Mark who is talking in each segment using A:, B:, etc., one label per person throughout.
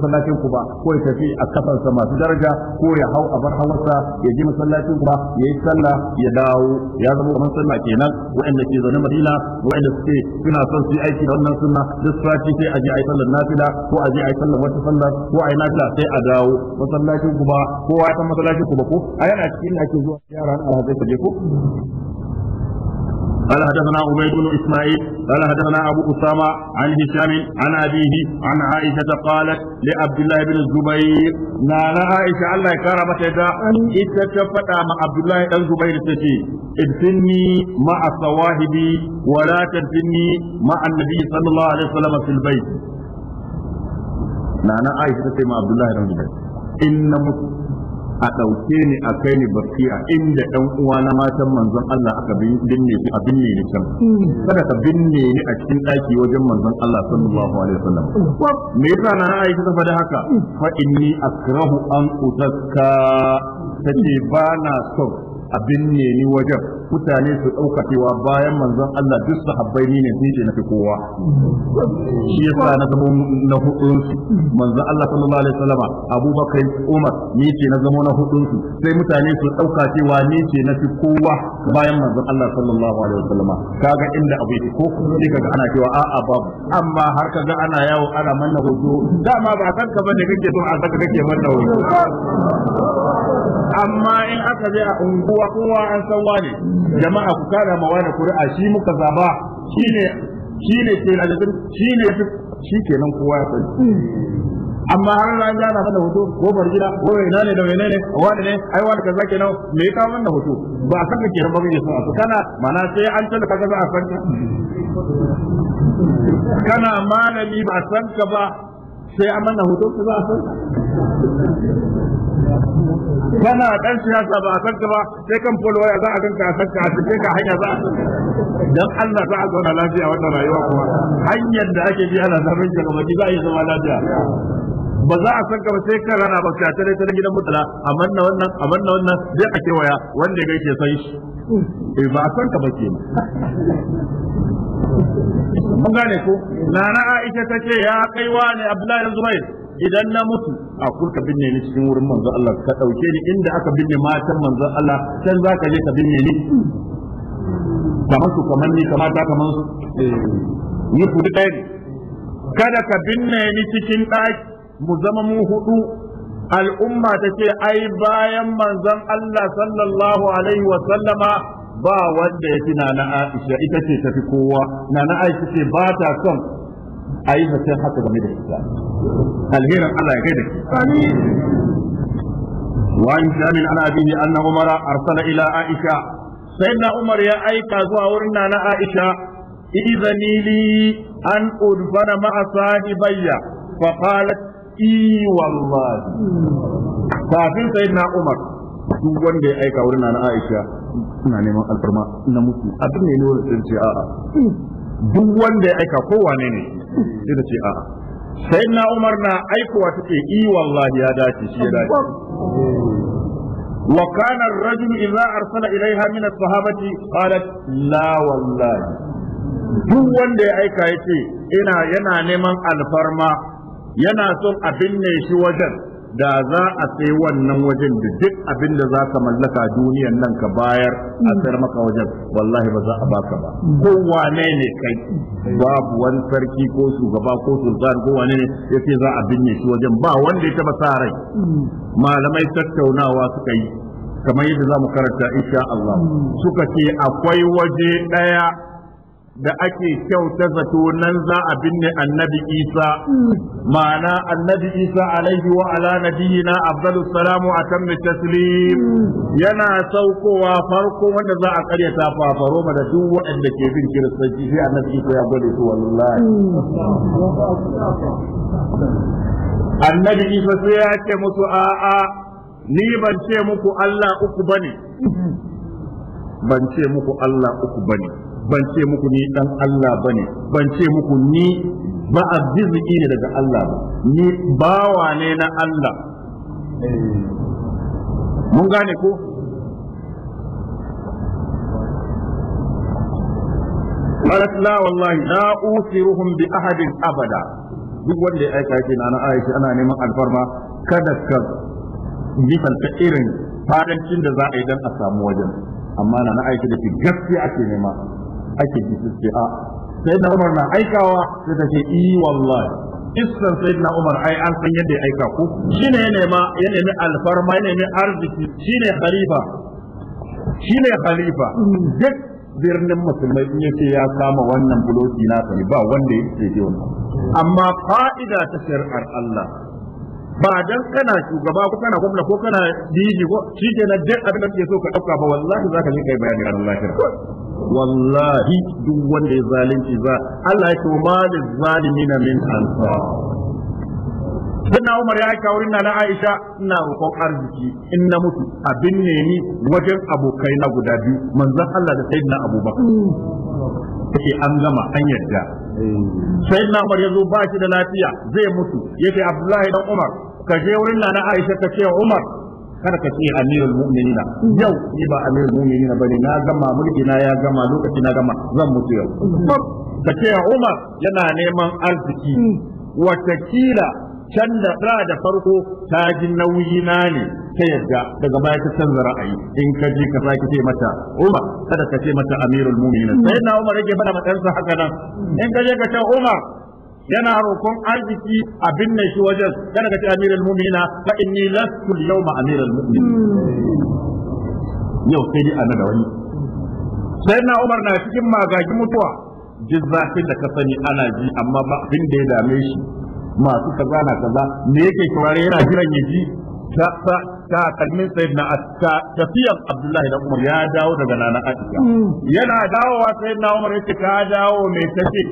A: masallacin ku ba ko ya tafi a kafansa masu daraja ko ya hau a bar hawarsa ya je masallacin ku ba ya yi sallah ya dawo ya zama kamar sunna kenan waɗanda ke zaune Madina waɗanda suke suna son su yi aiki da wannan sunna duk sati sai a je a yi sallar nafila ko a je a yi sallar wata sallar ko a yi nafila sai a dawo masallacin ku ba kowa ya san masallacin ku ba ko a yana cikin da ake zuwa yara a zai je ko قال حدثنا عبيد بن اسماعيل قال حدثنا ابو اسامه عن هشام عن ابيه عن عائشه قالت لعبد الله بن الزبير نانا عائشه الله كرمت يدا انت تفدا مع عبد الله بن الزبير تتي ادفني مع صواحبي ولا تدفني مع النبي صلى الله عليه وسلم في البيت نانا عائشه تتي مع عبد الله بن الزبير ان a ɗauke ni a kai ni a inda ɗan uwa na matan manzon Allah aka binne a binne ni can
B: hmm. kada
A: ka binne ni a cikin ɗaki wajen manzon Allah sallallahu alaihi wasallam hmm. me yasa na Aisha ta faɗa haka hmm. fa inni akrahu an utazka tace ba na son Abin ne ni wajen mutane su ɗaukacewa bayan manzon Allah duk sahabbai ni ne ce na fi kowa shi sa na zama na hudun su manzon Allah sallallahu alaihi wasallama Abubakar Umar ni ce na zama na hudun su sai mutane su ɗauka cewa ni ce na fi kowa bayan manzon Allah sallallahu alaihi wasallama kaga inda abu yake ko sai kaga ana cewa a'a babu amma har kaga ana yawo ana manna hoto dama ba san ka bane kake so a saka kake manna hudu amma in aka zai a unguwa kowa an san wane jama'a ku kada ma wane kuri'a shi muka zaba shine shine ke da shine shi kenan kowa ya san amma har ran ga na mana hoto ko bar gida ko ina ne da wene ne wani ne ai wani kaza kenan me ya kawo mana hoto ba a saka ke ba mai yasa to kana mana sai an tana kaza za a san kana malami ba san ka ba sai an manna hoton ka za a san kana dan siyasa ba a san ka ba sai kan polo waya za a san ka a san ka a cike ka hanya za a dan Allah za a zauna lafiya wannan rayuwa kuma hanyar da ake bi ana samun jama'a za a yi zama lafiya ba za a san ka ba sai ka rana ba ka tare ta gidan mutala amma na wannan amma na wannan zai a kewaya wanda ya gaishe sai shi eh ba a san ka ba ke mun gane ko nana Aisha ta ce ya kai ne Abdullahi Zubair idan na mutu a kurka binne ni cikin wurin manzo Allah ka dauke ni inda aka binne matan manzo Allah can za ka je ka binne ni kamar su kamar ni kamar ta kamar eh, ni kudi duka kada ka binne ni cikin ɗaki mu zama mu hudu al'umma ta ce ai bayan manzon Allah sallallahu alaihi wa sallama ba wanda ya fi nana Aisha ita ce ta fi kowa nana Aisha ce ba ta son a yi zaton haka game da ita alherin Allah ya kai da وعن هشام عن أبيه أن Aisha. Sai na Umar ya عمر zuwa wurin زوارنا أنا عائشة إذني لي أن أدفن مع صاحبي فقالت i wallahi kafin sayyidina Umar duk wanda ya aika wurin na Aisha suna neman alfarma na mutu abin ne ne wanda sai ce a'a duk wanda ya aika kowane ne sai ta ce a'a sai na Umar na aikowa take i wallahi ya dace shi ya dace وكان الرجل إذا أرسل إليها من الصحابة قالت لا والله duk wanda ya aika ya ce ina yana neman alfarma yana son a binne shi wajen da za a sai wannan wajen da duk abin da za ka mallaka duniyan nan ka bayar a sayar maka wajen wallahi ba za a baka ba ko wane ne kai babu wani sarki ko shugaba ko sultan ko wane ne yace za a binne shi wajen ba wanda ya taba sa rai malamai tattaunawa suka yi kamar yadda za mu karanta insha Allah suka ce akwai waje daya da ake kyauta zato nan za a binne annabi isa ma'ana annabi isa alaihi wa ala nabiyina afdalus salamu atam taslim yana saukowa farko wanda za a karyata fafaro ma da duk waɗanda ke bin kiristanci sai annabi isa ya gode su wallahi annabi isa sai ya ce musu a'a ni ban ce muku Allah uku bane ban ce muku Allah uku bane ban ce muku ni dan Allah bane ban ce muku ni ba arziki ne daga Allah ba ni bawa ne na Allah mun gane ko قالت wallahi والله لا أوثرهم بأحد abada. duk wanda ya aika yake na Aisha ana neman alfarma kada ka nisanta irin fadancin da za a yi don a samu wajen amma na Aisha da gaskiya ake nema ake a sai na umar na aikawa sai ta ce i wallahi iskan sai na umar ai an san yadda ya aika ku ne ne ma ya nemi alfarma ya nemi arziki Shi ne khalifa Shi ne khalifa duk birnin musulmai in yace ya kama wannan buloki na sani ba wanda ya ce ce wannan amma fa'ida ta shari'ar Allah ba dan kana shugaba ko kana gwamna ko kana diji ko shi ke na duk abin da kake so ka ɗauka ba wallahi zaka je kai bayani ranar lafiya wallahi duk wanda ya zalunci za Allah ya ce ma da zalimin min ansar Sannan Umar ya aika wurin na Aisha ina roƙon arziki in na mutu abin ne ni wajen abokai na guda biyu manzon Allah da sayyidina Abubakar take an gama an yarda sayyidina Umar ya zo ba shi da lafiya zai mutu yake Abdullahi dan Umar ka je wurin na Aisha ka ce Umar kada ka ce amirul mu'minina yau ni ba amirul mu'minina bane na gama mulki na ya gama lokaci na gama zan mutu yau ka ce Umar yana neman arziki hmm. watakila can da ra da farko ta ji nauyi na ne ta yadda daga baya ta canza ra'ayi in ka je ka sake ce mata Umar kada ka ce mata amirul mu'minin hmm. sai na Umar yake faɗa matarsa haka nan in ka je ka ce Umar yana roƙon arziki a binne shi wajen kana ka ce amirul mu'minina fa inni lastu al-yawma amiral mu'minin yau sai ni da wani sai na Umar na cikin magagin mutuwa duk zafin da ka sani ana ji amma ba abin da ya dame shi masu kaza na kaza me yake kirare yana jiran ya ji ta kalmin sayyidina tafiyar abdullahi da umar ya dawo daga nana aisha mm. yana dawowa sayyidina umar yake ka dawo mai tafi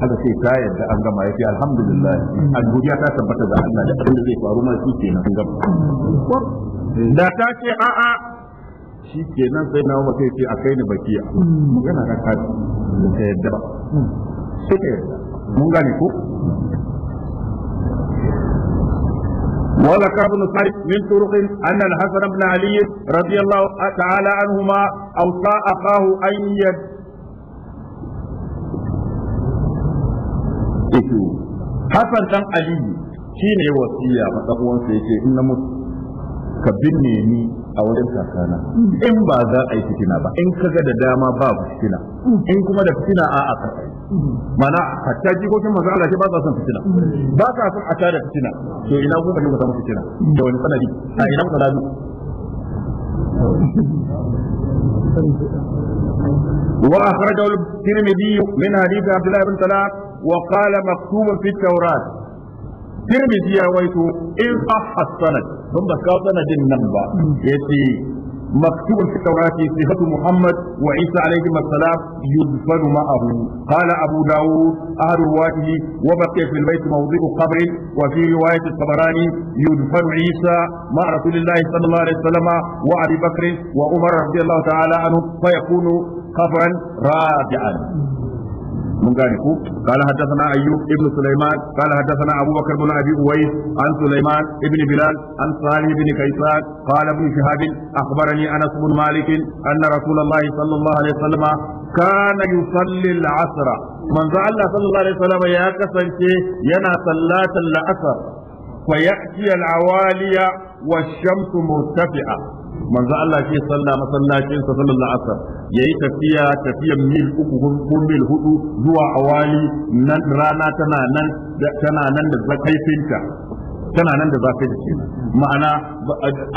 A: aka ce ka yadda an gama yace alhamdulillah alhuriya ta tabbata ga Allah da abin da zai faru ma shi kenan an
B: gama
A: da ta ce a'a shi kenan sai na maka yace akai ni bakiya magana ka ka ta yadda ba sai ka yadda mun gane ko ولك ابن سعيد من طرق أن الحسن بن علي رضي الله تعالى عنهما أوصى أخاه أن yake Hassan dan Ali shine wasiya ma dan uwansa yake in na mutu ka binne ni a wajen kakana in ba za a yi fitina ba in kaga da dama babu fitina in kuma da fitina a a kai mana hatta jikokin manzo Allah ba za son fitina ba ka son a tare fitina to ina ku ka samu fitina da wani sanadi a ina ku sanadi وأخرجه الترمذي من حديث عبد الله بن سلام وقال مكتوب في التوراة ترمذي يا ويتو إن صح السند ثم كاظن النبا يتي مكتوب في التوراة صفة محمد وعيسى عليهما السلام يدفن معه قال أبو داود أهل رواته وبقي في البيت موضع قبر وفي رواية الطبراني يدفن عيسى مع رسول الله صلى الله عليه وسلم وأبي بكر وعمر رضي الله تعالى عنه فيكون قبرا رادعا من قال قال حدثنا أيوب ابن سليمان قال حدثنا أبو بكر بن أبي أويس عن سليمان ابن بلال عن صالح بن كيسان قال ابن شهاب أخبرني أنس بن مالك أن رسول الله صلى الله عليه وسلم كان يصلي العصر من زعل صلى الله عليه وسلم يا كسنتي ينا صلاة العصر فيأتي العوالي والشمس مرتفعة manzo Allah ce sallah masallacin sa sallallahu ya yayi tafiya tafiyan mil uku ko mil hudu zuwa awali nan rana tana nan tana nan da zakaifinta tana nan da zafi da shi ma'ana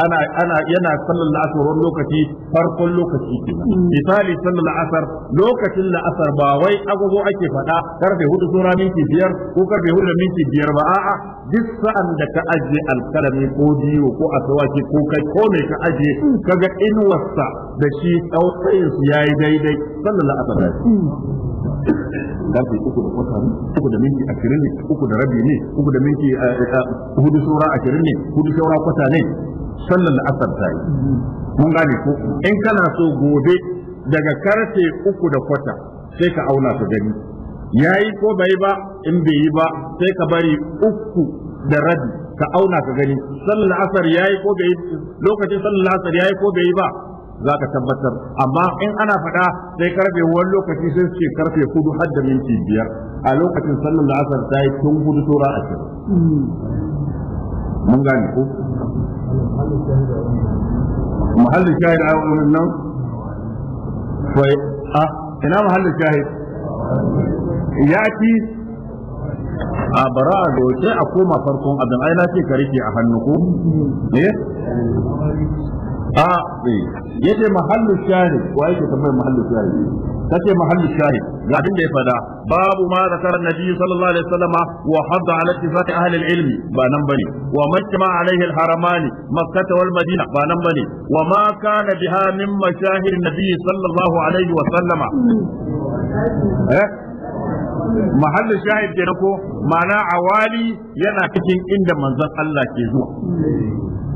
A: ana ana yana sallar la'asar wani lokaci farkon lokaci kenan mm. misali sallar la'asar lokacin la'asar ba wai agogo ake faɗa karfe hudu sura minti biyar ko karfe hudu da minti biyar ba a'a duk sa'an da ka aje alkalami ko biyu ko asawaki ko kai ko mai ka aje mm. kaga inuwarsa da shi tsautsayin su yayi daidai sallar la'asar karfe uku da kwata ne uku da minti ashirin ne uku da rabi ne uku da minti eh, eh, eh, hudu saura ashirin ne hudu saura kwata ne sallar asar ta yi mun gane ko in kana so gobe daga karfe uku da kwata sai ka auna ka gani ya yi ko bai ba in bai yi ba sai ka bari uku da rabi ka auna ka gani sallar asar ya yi ko bai lokacin sallar asar ya yi ko bai yi ba za ka tabbatar amma in ana faɗa sai karfe wani lokaci sai ce karfe hudu har da minti biyar a lokacin sallar da asar ta yi tun hudu tura a cikin mun gane ko mahallin shahid a wurin nan fai a ina mahallin shahid ya ci a bara a sai a koma farkon abin ai na ce ka rike a hannu ko ne eh? a yace mahallu shahid wa yake tambayar mahallu shahid kace mahallu shahid ga abin da ya fada babu ma karar nabi sallallahu alaihi wasallama wa hadda ala ittifaq ahli al-ilm ba nan bane wa majma alaihi al-haramani makkah wal madina ba nan bane wa ma kana biha min mashahir nabi sallallahu alaihi wasallama eh mahallin shahid ke ko ma'ana awali yana cikin inda manzon Allah ke zuwa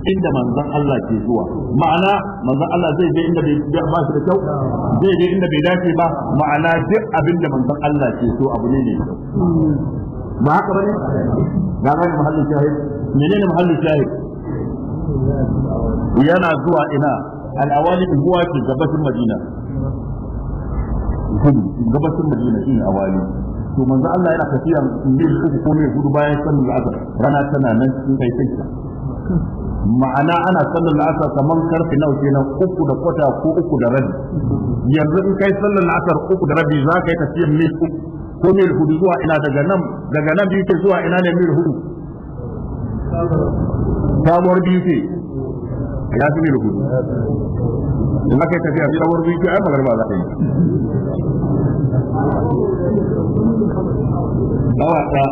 A: inda manzon Allah ke zuwa ma'ana manzon Allah zai je inda bai ba shi da kyau zai je inda bai dace ba ma'ana duk abin da manzon Allah ke so abu ne ne ba haka bane ga ga mahallin shahid menene mahallin shahid yana zuwa ina al'awali zuwa ke gabatin madina gabatin madina shine awali to manzo Allah yana tafiya mil uku ko mil hudu bayan sallar azhar rana tana nan sun kai kai ma'ana ana sallar la'asar kamar karfe nawa kenan uku da kwata ko uku da rabi yanzu in kai sallar la'asar uku da rabi za ka yi tafiyar mil uku ko mil hudu zuwa ina daga nan daga nan biyu zuwa ina ne mil hudu sabuwar biyu ce ya fi mil hudu in aka yi tafiya bi awar biyu ai magarba za ta yi awa ta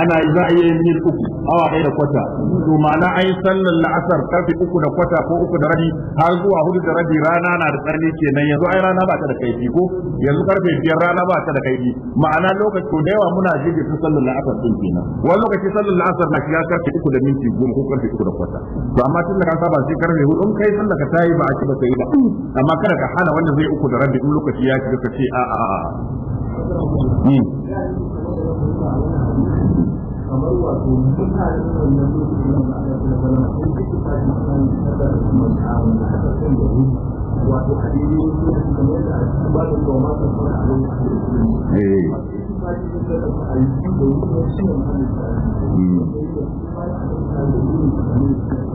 A: ana za a yi mil uku awa ɗaya da kwata to ma'ana ai sallar la'asar karfe uku da kwata ko uku da rabi har zuwa hudu da rabi rana na da tsarni kenan yanzu ai rana ba ta da kaifi ko yanzu karfe biyar rana ba ta da kaifi ma'ana lokaci ko da yawa muna jirgin su sallar la'asar din kenan wani lokaci sallar la'asar na shiga karfe uku da minti goma ko karfe uku da kwata to amma tun da ka saba sai karfe hudu in kai sallar ka yi ba a ci ba ta ba amma kada ka hana wanda zai uku da rabi in lokaci ya shiga ka ce a a a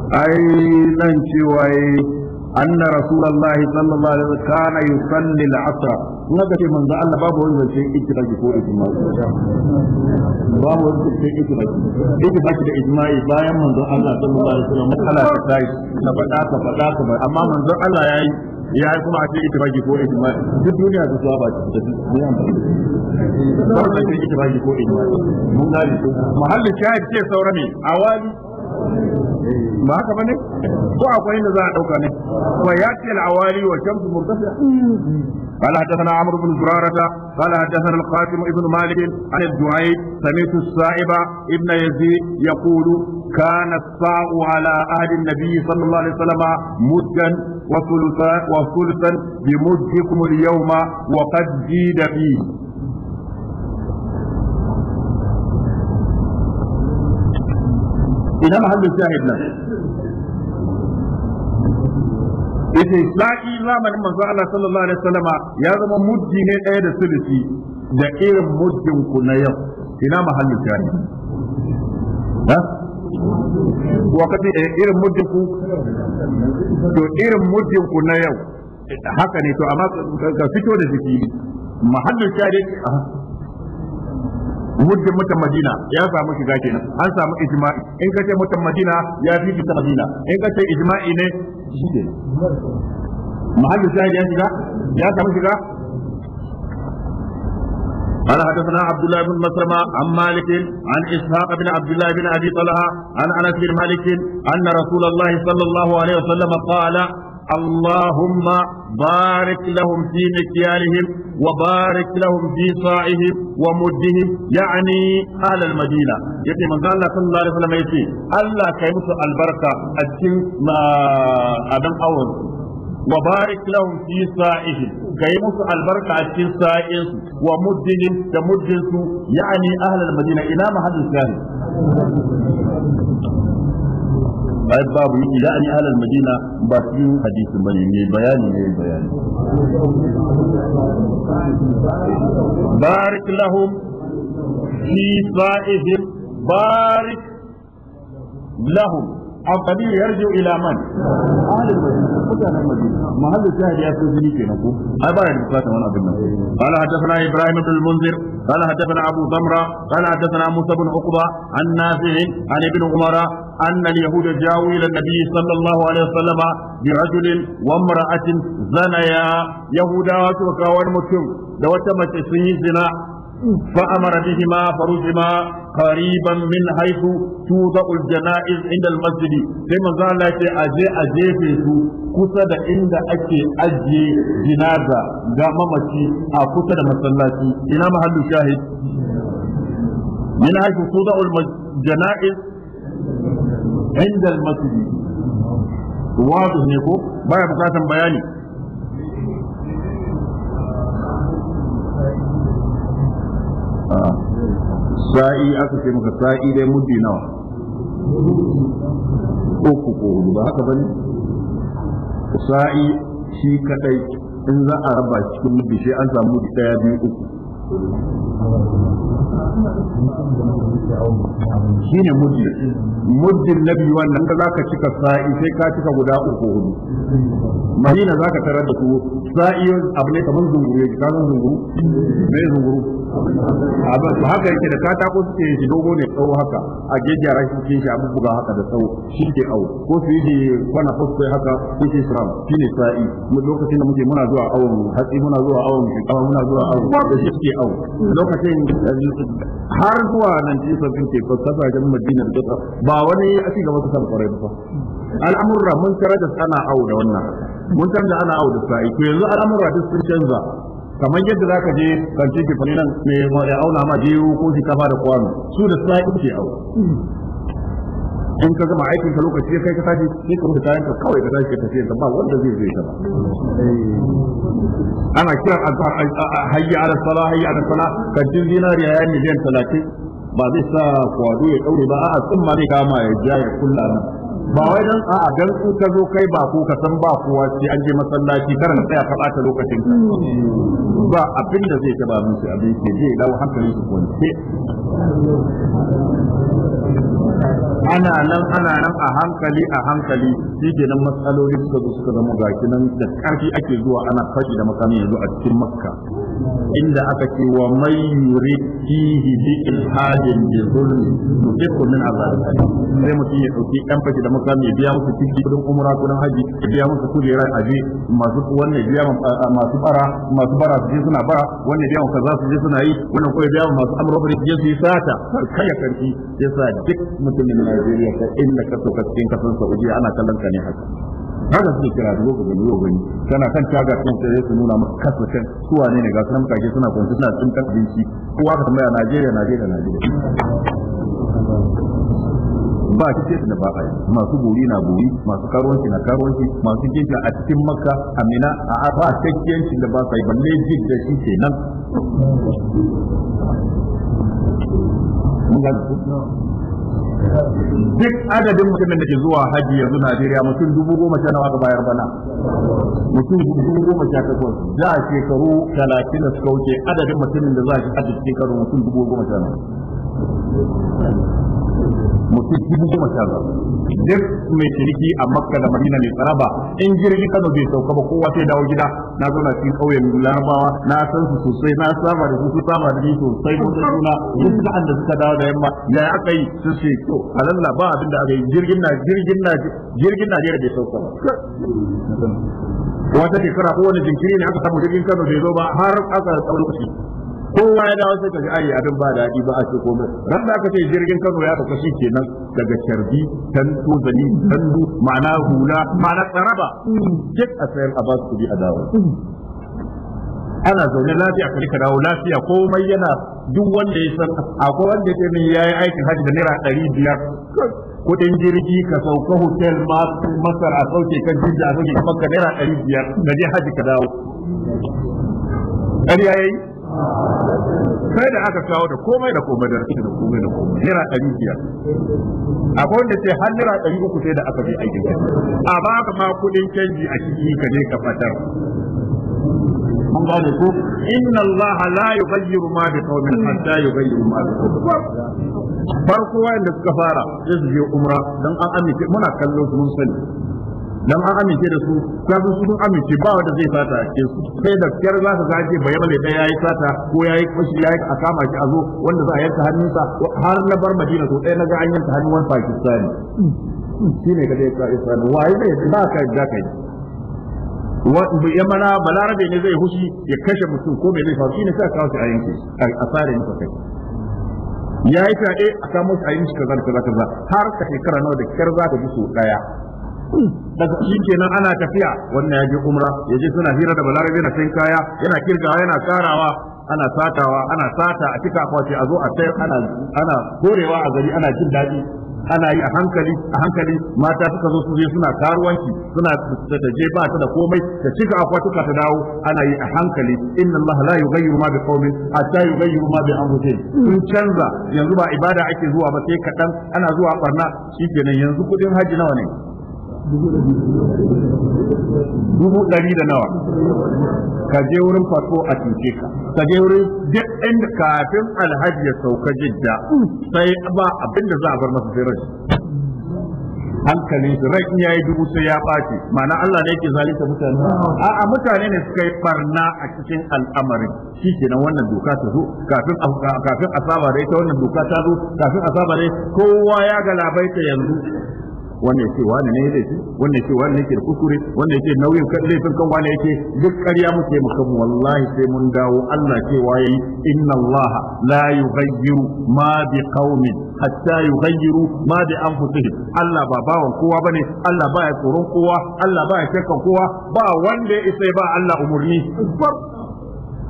A: ai nan cewa eh, أن رسول الله صلى الله عليه وسلم كان يصلي العصر هذا شيء من ذا الله بابه هو شيء إجراء جفور إجماع بابه هو شيء إجراء إجراء إجماع بايا من ذا الله صلى الله عليه وسلم مسألة تتايش تبدا تبدا تبدا أما من ذا الله يعني ya yi kuma a ce itifaki ko ijma duk duniya ta zuwa ba ta duk ne amfani ba ta ce itifaki ko ijma mun gane muhallin shahid ce saura ne awali ba haka bane ko akwai inda za a dauka ne wa ce al-awali wa shamsu murtafi'a قال حدثنا عمرو بن زرارة قال حدثنا القاسم ابن مالك عن الزهيد سمعت السائب ابن يزيد يقول كان الساع على عهد النبي صلى الله عليه وسلم مدا وثلثا وثلثا بمدكم اليوم وقد زيد فيه ina mahallin shahid nan yace islahi zamanin manzo Allah sallallahu alaihi wasallama ya zama muddi ne ɗaya da sulusi da irin muddin ku na yau ina mahallin shahid ha wakati eh, irin muddin ku to irin muddin ku na yau haka ne to amma ka fito da jiki mahallin shahid muddin mutan madina ya samu shiga kenan an samu ijma'i in kace mutan madina ya fi ta madina in kace ijma'i ne shi ne mahallin ya shiga ya samu shiga قال حدثنا عبد الله بن مسلمة عن مالك عن إسحاق بن عبد الله بن أبي طلحة عن أنس بن مالك أن رسول الله صلى الله عليه وسلم قال اللهم بارك لهم في مكيالهم وبارك لهم في صاعهم ومدهم يعني أهل المدينة يتي من قال الله صلى الله عليه وسلم يتي الله كيمس البركة أتكين ما أدم أول وبارك لهم في سائهم كيمس البركة أتكين سائهم ومدهم تمدهم يعني أهل المدينة إلى محل الثاني ayat babu yake da ani alal madina ba su hadisin bane ne bayani ne bayani barik lahum fi sa'ihim barik lahum abadi ya yarje ila man mahallin shahid ya kusa ni kenan ko ai ba ya fata wani abin nan qala hadathana ibrahim bin munzir qala hadathana abu zamra qala hadathana musa bin uqba an nafi an ibn umar ان اليهود جاءوا الى النبي صلى الله عليه وسلم برجل وامراه زنيا يهودا وكاوان متم دوتا متسين زنا فأمر بهما فرجما قريبا من حيث توضع الجنائز عند المسجد كما قال أجي أجي في كسد عند أكي أجي جنازة قام مكي كسد مسلاتي إلى محل الشاهد من حيث توضع الجنائز عند المسجد واضح نيكو بايا بكاتم بياني sa'i aka ce maka sa'i dai muddi nawa uku ko hudu ba haka bane sa'i shi kadai in za a raba cikin muddi sai an samu muddi daya biyu uku shine muddin muddin na biyu wannan da zaka cika sa'i sai ka cika guda uku hudu madina zaka tarar da su sa'i abu ne kamar zunguru yake kamar zunguru me zunguru abin haka yake da katako suke shi dogo ne tsawo haka a gejiya shi ke shi abu buga haka da tsawo shi ke au ko su yi kwana fusko haka ko shi shram shi ne sa'i lokacin da muke muna zuwa awon hatsi muna zuwa awon shikawa muna zuwa awon da shi ke au lokacin har zuwa nan ji sabbin ke ko kasashen Madina da ta ba wani ya ci gaba kusan kwarai ba al'amurra mun tsara da ana au da wannan mun tsara da ana au da sa'i to yanzu al'amurra duk sun canza kamar yadda za je kan ce ke ne nan ya auna ma biyu ko shi kafa da kwano su da sa'i ke au in ka gama aikin ka lokaci kai ka tashi ni ka rubuta yanka kawai ka tashi ka tafi ka ba wanda zai zai ta ba eh. ana kiran hayya ala sala hayya ala salah ka jin dinariya ya miliyan 30 ba zai sa kwado ya daure ba a'a sun ma ne kama ya ja ya kulla ba wai dan a'a dan ku ka zo kai ba ku ka san ba kowa sai an je masallaci karan tsaya ka bata lokacin ka ba abin da zai taba musu abin ke je dawo hankali su kwance ana nan ana nan a hankali a hankali shi ke nan matsalolin suka zo suka zama gaki nan da ƙarfi ake zuwa ana fashi da makami yanzu a cikin makka inda aka ce wa mai yuri fihi bi ilhadin bi zulmi to duk min azab sai mutum ya dauki kan fashi da mukami ya biya musu ciki kudin umura kudin haji ya biya musu kujera aje masu wannan biya masu bara masu bara su je suna bara wannan biya kaza su je suna yi wannan ko ya biya masu amurabri su je su yi sata karkaya karfi sa duk mutumin Najeriya ka inda ka to ka cikin kasan Saudi ana kallon ka ne haka haka suke kira da gobe gobe ne kana kan taga kan sai su nuna maka kasa kuwa ne ne ga sanan kake suna kwanci suna cin kan abinci kowa ka tambaya Najeriya Najeriya Najeriya ba ki da ba ai masu buri na buri masu karuwanci na karuwanci masu gefe a cikin makka amina a ba kakkiyanci da ba sai balle jid da shi nan duk adadin mutumin da ke zuwa haji yanzu Najeriya mutum dubu goma sha nawa ga bayar bana mutum dubu goma sha takwas za a shekaru talatin da suka wuce adadin mutumin da za a shi hajji shekaru mutum dubu goma sha nawa mutum dubu goma sha biyar duk mai ciniki a makka da madina mai tsaraba in jirgin kano bai sauka ba kowa sai dawo gida na zo na cikin ƙauyen larabawa na san su sosai na saba da su su saba da ni sosai mun san juna duk sa'an da suka dawo da yamma ya aka yi su ce to halalla ba abin da aka yi jirgin na jirgin na jirgin na Najeriya bai sauka ba wata shekara ko wani jinkiri ne aka samu jirgin Kano bai zo ba har aka tsawon lokaci kowa ya dawo sai ka ji ai abin ba daɗi ba a ce komai ran da aka ce jirgin Kano ya tafi shi kenan daga Charbi tan Tuzani Tandu ma'ana hula ma'ana tsaraba duk a sayar a ba su bi a dawo ana zaune lafiya ka rika dawo lafiya komai yana duk wanda ya san akwai wanda ya min yayi aikin haji da naira 500 biyar kudin jirgi ka sauka hotel ma masar a sauke kan jirgi a sauke kamar ka naira 500 biyar da je hajji ka dawo ƙarya yayi sai da aka kawo da komai da komai da rashin da komai da komai naira ɗari biyar akwai wanda ce har naira ɗari uku sai da aka bi aikin a ba ka ma kuɗin canji a ciki ka ne ka fatar an gane ko inna allaha la yughayyiru ma bi qaumin hatta yughayyiru ma bi farko wanda suka fara sai su je umra dan an amince muna kallon su mun sani dan an amince da su kafin su sun amince ba wanda zai sata a cikin su sai da kyar za ka zaje bayan mai da yayi sata ko yayi kashi yayi a kama shi a zo wanda za a yanka hannunsa har na bar Madina to ɗaya naga an yanka hannun wani Pakistani shine ka isa ka Isra'ila wai bai ba ka da kai yamana balarabe ne zai hushi ya kashe mutum ko mai zai faru ne sai kawo a yanke a tsare ne kai ya yi fyaɗe a samu shi a yi shi kaza da kaza har ka shekara nawa da kyar za ka ji so ɗaya daga shi kenan ana tafiya wannan ya je umra ya je suna hira da balarabe na sayan kaya yana kirgawa yana karawa ana satawa ana sata a cika kwace a zo a sai ana ana korewa a gari ana jin daɗi ana yi a hankali a hankali mata suka zo su je suna karuwanci suna ta je ba ta da komai ta cika ka ta dawo ana yi a hankali inna allaha la yughayyiru ma biqaumin hatta yughayyiru ma bi anfusihim sun canza yanzu ba ibada ake zuwa ba sai kadan ana zuwa barna kenan yanzu kudin haji nawa ne dubu ɗari da nawa ka je wurin fato a cuce ka ka je wurin duk inda kafin alhaji ya sauka jidda sai ba abinda za a bar masa sai rai hankalin su rai in yayi dubu sai ya ɓaci ma'ana Allah ne yake zalunta mutane a'a mutane ne suka yi barna a cikin al'amarin shi kenan wannan doka ta zo kafin kafin saba dai ta wannan doka ta zo kafin a saba dai kowa ya galabaita yanzu wannan ya ce wani ne laifi wannan ya ce wani ne kuskure wannan ya ce nauyin laifin kan wani yake duk ƙarya muke mu wallahi sai mun dawo Allah ce waye inna Allah la yughayyiru ma bi qaumin hatta yughayyiru ma bi anfusihim Allah ba bawan kowa bane Allah ya tsoron kowa Allah ya shakkan kowa ba wanda ya isa ba Allah umurni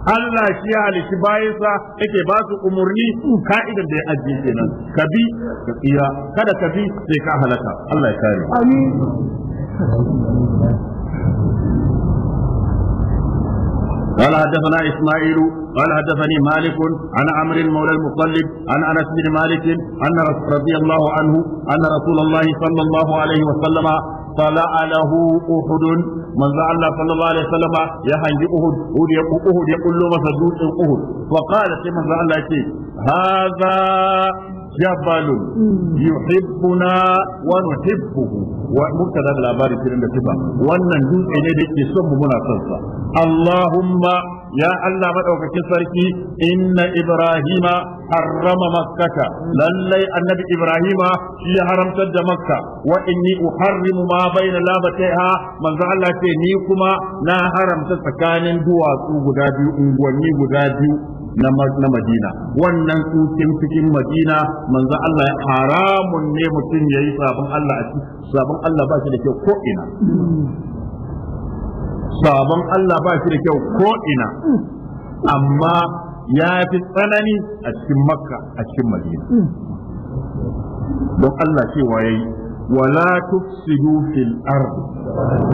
A: Allah shi ya halici bayansa yake ba su umarni ka'idar da ya ajiye kenan ka bi ka tsira kada ka bi sai ka halaka Allah ya kare amin قال حدثنا اسماعيل قال حدثني مالك عن عمرو المولى المطلب عن انس بن مالك ان رضي الله عنه ان رسول الله صلى الله عليه وسلم فطلع له أحد من ذا الله صلى الله عليه وسلم يهنج أحد أحد يقول أحد يقول له مسجود أحد فقال من ذا الله هذا جبل يحبنا ونحبه ومبتدا الابار كريم بصفه wannan dutse ne da yake son mu muna son sa Allahumma ya Allah madaukakin sarki inna ibrahima harrama makkata lallai annabi ibrahima shi ya haramtar da makka wa inni uharrimu ma baina labataiha manzo Allah ce ni kuma na haramta tsakanin duwatsu guda biyu unguwanni guda biyu na Madina wannan tsukin cikin Madina manzo Allah ya haramun ne mutum ya yi sabon Allah a sabon Allah ba shi da kyau ko ina sabon Allah ba shi da kyau ko ina amma ya fi tsanani a cikin Makka a cikin Madina don Allah cewa yayi ولا تفسدوا في الأرض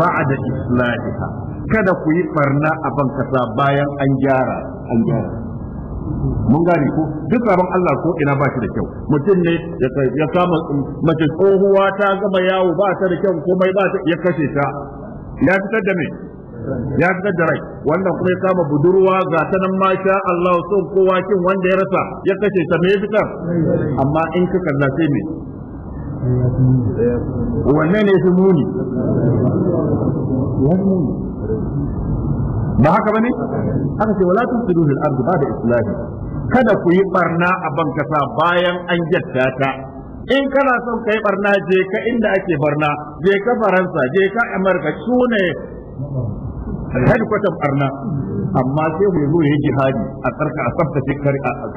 A: بعد إصلاحها kada ku yi barna a ban kasa bayan an gyara an gyara mun gane ko duk sabon Allah ko ina ba shi da kyau mutum ne ya kama mace tsohuwa ta gama yawo ba ta da kyau komai ba ta ya kashe ta ya fitar da me ya fitar da rai wannan kuma ya kama budurwa ga ta nan ma sha Allah so kowa kin wanda ya rasa ya kashe ta me ya fitar amma in ka kalla sai me wannan ne su muni ba haka bane aka ce wala tusidu fil ba da islahi kada ku yi barna a bankasa bayan an jaddata ta in kana son kai barna je ka inda ake barna je ka faransa je ka amurka su ne headquarter arna amma sai mu zo yi jihadi a tsarka a tsaftace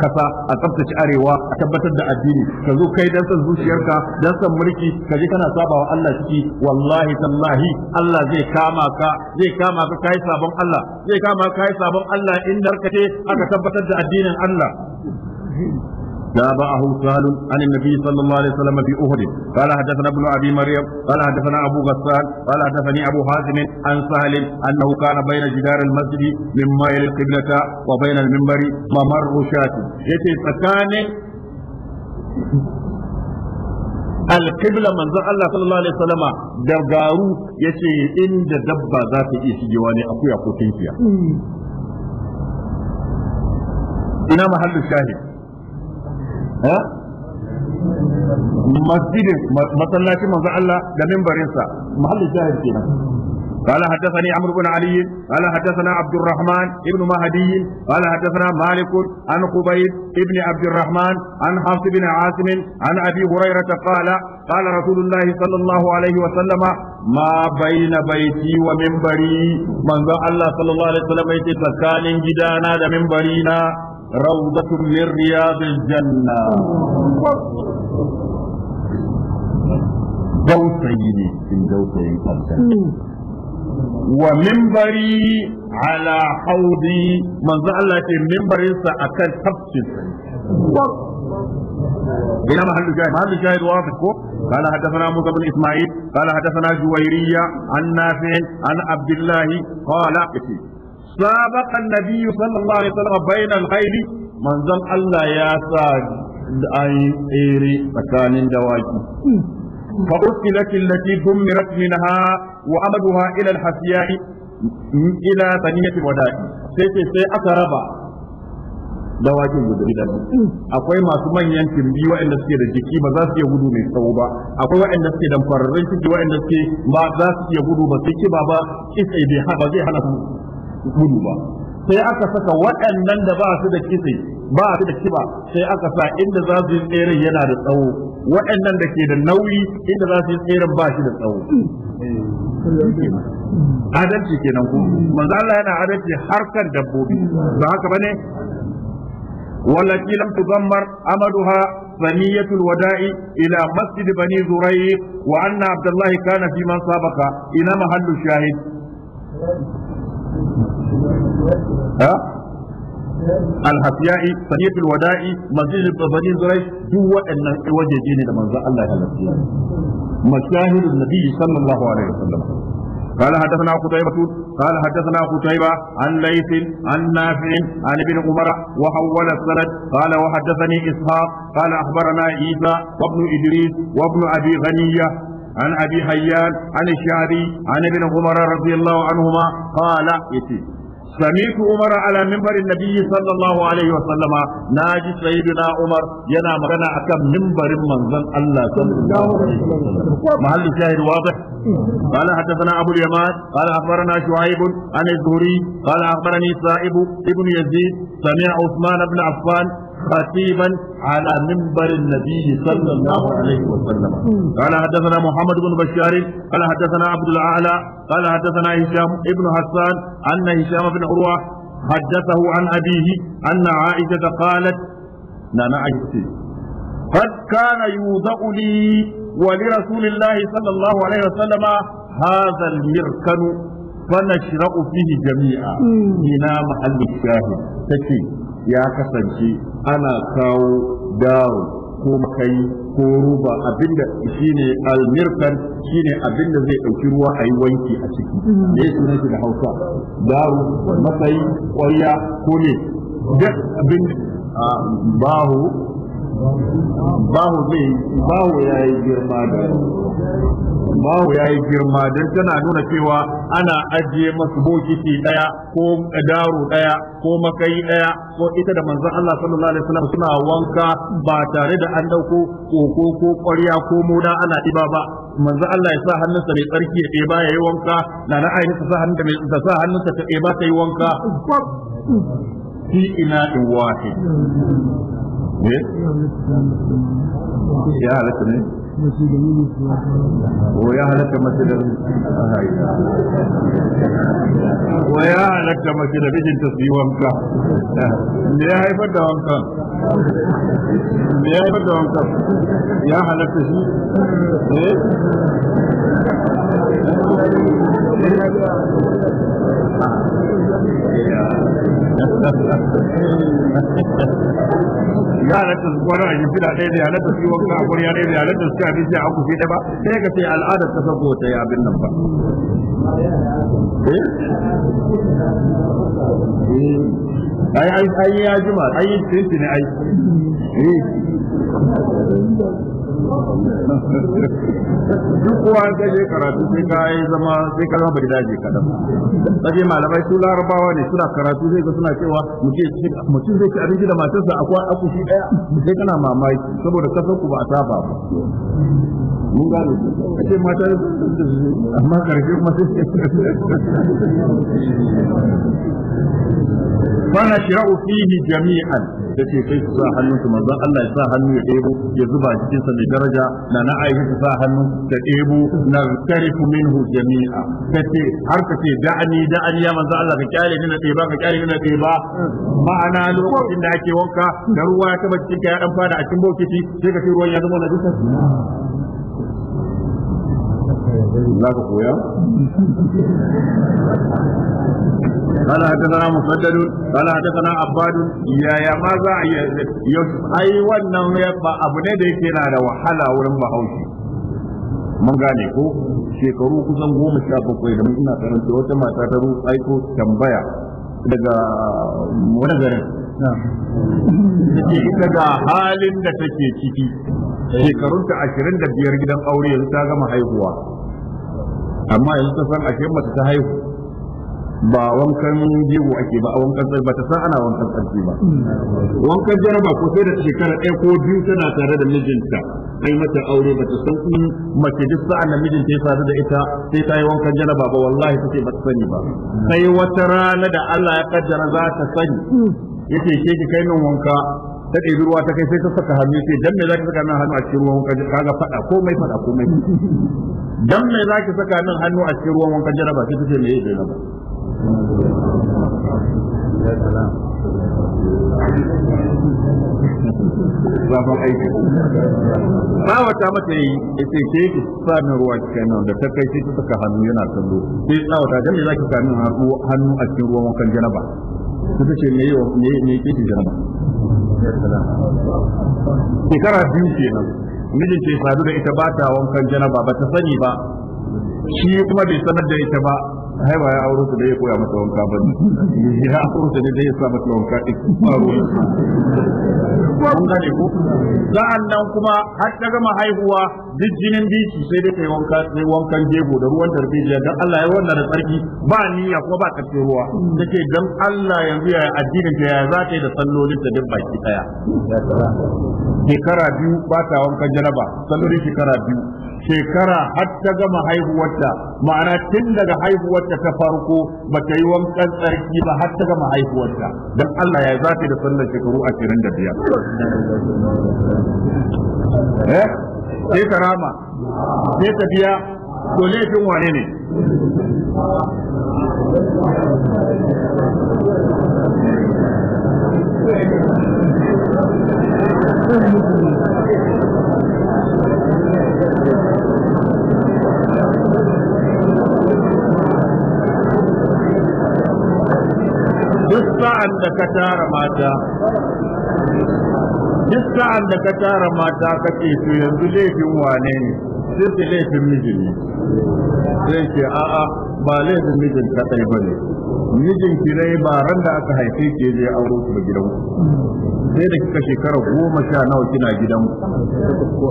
A: kasa a tsaftace arewa a tabbatar da addini ka zo kai dan san zuciyarka dan san mulki ka je kana sabawa Allah ciki wallahi tallahi Allah zai kama ka zai kama ka kai sabon Allah zai kama ka kai sabon Allah in darkace aka tabbatar da addinin Allah تابعه سهل عن النبي صلى الله عليه وسلم في أحد قال حدثنا ابن أبي مريم قال حدثنا أبو غسان قال حدثني أبو حازم عن سهل أنه كان بين جدار المسجد من مائل القبلة وبين المنبر ممر شاة يتي سكان alƙibla manzon Allah sallallahu alaihi wasallama da garu yace inda dabba za ta iya shigewa ne akuya ko tinkiya ina mahallu shahid masjidin masallacin manzo Allah da mimbarinsa mahallin shahid kenan قال حدثني عمرو بن علي قال حدثنا عبد الرحمن ابن مهدي قال حدثنا مالك عن قبيب ابن عبد الرحمن عن حفص بن عاصم عن ابي هريره قال قال رسول الله صلى الله عليه وسلم ما بين بيتي ومنبري من الله صلى الله عليه وسلم يتسكان جدانا لمنبرينا روضة من رياض الجنة دوسيني من دوسي الجنة ومنبري على حوضي من المنبر منبري سأكل تفسد إلى محل ما محل الشاهد واضح قال حدثنا موسى بن إسماعيل قال حدثنا جويرية عن نافع عن عبد الله قال سابق النبي صلى الله عليه وسلم بين الخيل من زم الله يا ساج أي إيري مكان دواجي فأرسلت التي دمرت منها وأمدها إلى الحسياء إلى ثنية الوداع سيكي سي أكربا dawakin guda idan akwai masu manyan tumbi waɗanda suke da jiki ba za su iya gudu mai tsawo ba akwai waɗanda suke da fararren ciki waɗanda suke ba za su iya gudu ba su kiba ba kisai bai ba zai hana su gudu ba sai aka saka waɗannan da ba su da kitse ba su da kiba sai aka sa inda za su yi tseren yana da tsawo waɗannan da ke da nauyi inda za su yi tseren ba shi da tsawo adalci kenan ku manzo Allah yana adalci harkar dabbobi ba haka bane والتي لم تدمر أمدها ثنية الوداع إلى مسجد بني زريق وأن عبد الله كان في من سابق إلى محل الشاهد ha alhafiyai saniyatul wada'i masjidul babani zurai duk waɗannan wajeje ne da manzon Allah ya halatta mashahidun nabi sallallahu alaihi wasallam قال حدثنا قتيبة قال حدثنا قتيبة عن ليث عن نافع عن ابن عمر وحول السند قال وحدثني إسحاق قال أخبرنا عيسى وابن إدريس وابن أبي غنية عن أبي حيان عن الشعبي عن ابن عمر رضي الله عنهما قال يتي سمعت عمر على منبر النبي صلى الله عليه وسلم ناجي سيدنا عمر ينا مغنى أكم منبر من ذن الله صلى الله عليه وسلم محل الشاهد واضح قال حدثنا أبو اليمان قال أخبرنا شعيب عن الزهري قال أخبرني سائب ابن يزيد سمع عثمان بن عفان خطيبا على منبر النبي صلى الله عليه وسلم قال حدثنا محمد بن بشار قال حدثنا عبد الاعلى قال حدثنا هشام ابن حسان ان هشام بن عروه حدثه عن ابيه ان عائشه قالت لا عائشه قد كان يوضع لي ولرسول الله صلى الله عليه وسلم هذا المركن فنشرأ فيه جميعا إلى محل الشاهد تكي ya kasance ana kawo dawo ko makai ko ruba abinda shine almirkan shine abinda zai ɗauki ruwa a yi wanki a ciki me su nake da Hausa dawo makai ƙwarya ko ne duk abin ah, bahu bahu zai bahu ya yi girma da bahu ya yi girma don tana nuna cewa ana ajiye masu bokiti daya ko daru daya ko makai daya ko ita da manzon Allah sallallahu alaihi wasallam suna wanka ba tare da an dauko koko ko ƙwarya ko moda ana diba ba manzon Allah ya sa hannunsa mai tsarki ya ba ya yi wanka na na ainihin sa hannunsa mai ta sa hannunsa ta ba ta yi wanka fi ina in wahid
B: ne eh? ya halatta
A: ne me oh, ya haifar da oh, wanka. me ya haifar da
B: ya halatta shi eh ah.
A: ya halatta su kwana a shimfiɗa ɗaya bai halatta su yi wanka a kwarya ɗaya bai halatta su abinci a kufi ɗaya ba sai ka ce al'adar ta saboda ta yi abin nan ba. Eh? Eh. ai ai ai ya jima ai tinti ne ai eh. duk kowa an je karatu sai ka yi zama sai ka zama bari daji kadan sai malamai su larabawa ne suna karatu sai ka suna cewa mutum zai ci abinci da matarsa akwai akushi daya sai kana mamaki saboda kasar ku ba a saba ba mun gano a ce mata amma karshe kuma sai fana shira'u fihi jami'an da ce kai su sa hannun su manzon Allah ya sa hannu ya ɗebo ya zuba cikin sa mai daraja na na aiki su sa hannu da ɗebo na tarifu minhu jami'a ta ce har ka ce da'ani da'ani ya manzon Allah ka kyale ni na ɗeba ka kyale ni na ɗeba ma'ana lokacin da ake wanka da ruwa ya taba cikin ka ya dan fada a cikin bokiti sai ka ce ruwan ya zama na duka za ka koya قال حدثنا مسدد قال حدثنا عباد يا يا ما ذا اي wannan ba abu ne da yake na da wahala wurin bahaushe mun gane ko shekaru kusan goma sha bakwai da ina karanta wata mata ta ru aiko tambaya daga wani garin Daga halin da take ciki shekarunta ashirin da biyar gidan aure yanzu ta gama haihuwa amma yanzu ta san ake mata ta haihu ba wankan jego ake ba a wankan tsarki ba ta san ana wankan tsarki ba wankan jaraba ko sai da shekara ɗaya ko biyu tana tare da mijinta ai mata aure ba ta san in mace duk sa'an da mijinta ya sadu da ita sai ta yi wankan jaraba ba wallahi take ba ta sani ba sai wata rana da Allah ya kaddara za ta sani yace ke ki kai min wanka ta ɗebi ruwa ta kai sai ta saka hannu sai dan me za ki saka nan hannu a cikin ruwan wanka ko fada komai fada mai dan me za ki saka nan hannu a cikin ruwan wanka ba sai tace me yake ba zafin aiki ba wata mata yi ita ki ruwa cikin nan da ta kai sai ta saka hannu yana kallo sai wata dan me za ki hannu a cikin ruwan ta ce me yake shekara biyu kenan mijin ke sadu da ita ba ta wankan janaba ba ta sani ba shi kuma bai sanar da ita ba ai ba ya auro su da ya koya masa wanka ba ne ya auro su da ya sa masa wanka ɗin ba ruwa kun gane ko sa'an nan kuma har ta gama haihuwa duk jinin biki sai dai kai wanka sai wankan jego da ruwan tarbiyya, dan Allah ya wannan da tsarki ba niyya kuma ba kace ruwa take dan Allah yanzu ya addinin ta ya za ta yi da sallolin ta duk baki daya shekara biyu ba ta wankan jaraba sallolin shekara biyu shekara har ta gama haihuwarta ma'ana tun daga haihuwar wacce ta farko ba ta yi wankan tsarki ba har ta gama haihuwarta don Allah ya za ta da sallar shekaru biyar. eh sai ta rama sai ta biya to laifin wane ne Thank you. duk sa'an da ka tara mata duk sa'an da ka tara mata ka ce to yanzu laifin wane ne sai ce laifin mijin ne sai ce a'a ba laifin mijin kadai ba ne mijin ki ne ba ran da aka haife ki je auro ki ba gidan sai da kika shekara goma sha nawa kina gidan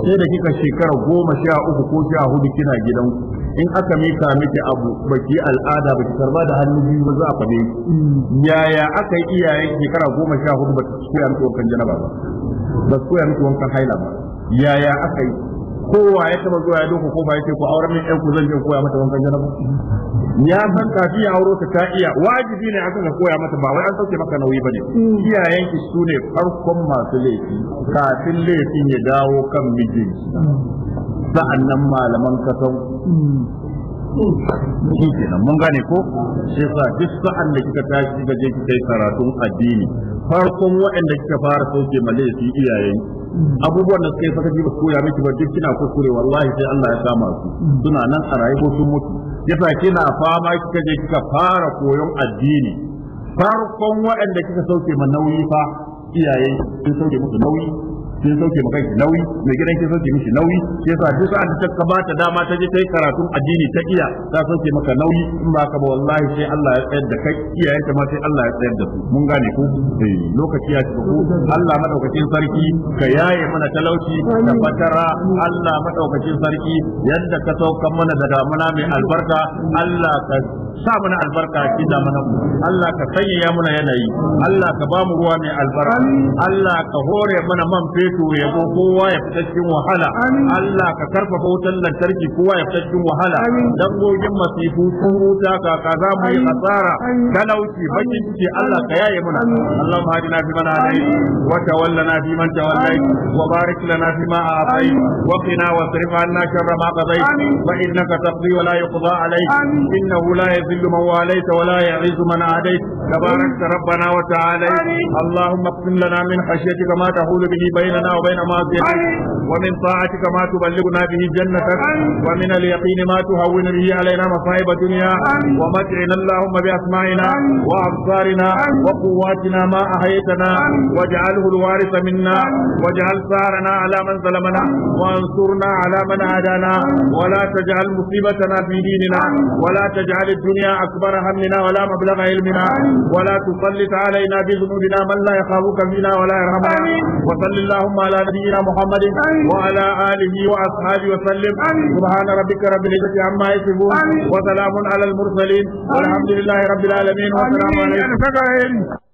A: sai da kika shekara goma sha uku ko sha hudu kina gidan in aka mika miki abu baki al'ada baki karba da hannu biyu ba za a fade yaya aka yi iyaye shekara goma sha hudu ba su koya miki wankan janaba ba ba su koya miki wankan haila ba yaya aka yi kowa ya taba zuwa ya doka ko ba yake ko auren min ku zan je koya mata wankan janaba ya san kafin ya auro ta ta iya wajibi ne akan ka koya mata ba wai an sauke maka nauyi bane iyayen ki su ne farkon masu laifi kafin laifin ya dawo kan mijinki sa'annan malaman kasan shi kenan mun gane ko shi yasa duk sa'an da kika tashi kika je kika yi karatun addini farkon waɗanda kika fara sauke malaisi iyayen abubuwan da suka yi sakaci ba koya miki ba duk kina kuskure wallahi sai Allah ya kama su suna nan a rayuwa sun mutu yasa kina fama kika je kika fara koyon addini farkon waɗanda kika sauke ma nauyi fa iyaye sun sauke musu nauyi kin sauke maka ki nauyi mai gidan kin sauke mishi nauyi shi sa duk sa'an da ta bata dama ta je ta karatun addini ta iya ta sauke maka nauyi in ba ka ba wallahi sai Allah ya tsayar da kai iyayen ta ma sai Allah ya tsayar da su mun gane ko eh, lokaci ya cika ko Allah madaukakin sarki ka yaye mana talauci da fatara Allah madaukakin sarki yadda ka saukan mana da damuna mai albarka Allah ka sa mana albarka a cikin damunan Allah ka sanyaya mana yanayi Allah ka ba mu ruwa mai albarka Allah ka hore mana man fe to yabo kowa ya fita cikin wahala Allah ka karfafa wutar lantarki kowa ya fita cikin wahala dangogin masifu sun huta ka kaza mu yi talauci bakin ciki Allah ka yaye muna Allahumma hadina fi man hadayt wa tawallana fi man wa barik lana fi ma wa qina 'anna sharra ma innaka taqdi wa la yuqda 'alayk innahu la yadhillu man walayta wa la yu'izzu man tabarakta اللهم اقسم لنا من خشيتك ما تحول به بين بيننا وبين معصيتك ومن طاعتك ما تبلغنا به جنتك ومن اليقين ما تهون به علينا مصائب الدنيا ومتعنا اللهم بأسمائنا وأبصارنا وقواتنا ما أحيتنا واجعله الوارث منا واجعل ثارنا على من ظلمنا وانصرنا على من عادانا ولا تجعل مصيبتنا في ديننا ولا تجعل الدنيا أكبر همنا ولا مبلغ علمنا ولا تسلط علينا بذنوبنا من لا يخافك فينا ولا يرحمنا وصل اللهم على نبينا محمد وعلى آله وأصحابه وسلم سبحان ربك رب العزة عما يصفون وسلام على المرسلين والحمد لله رب العالمين والسلام عليكم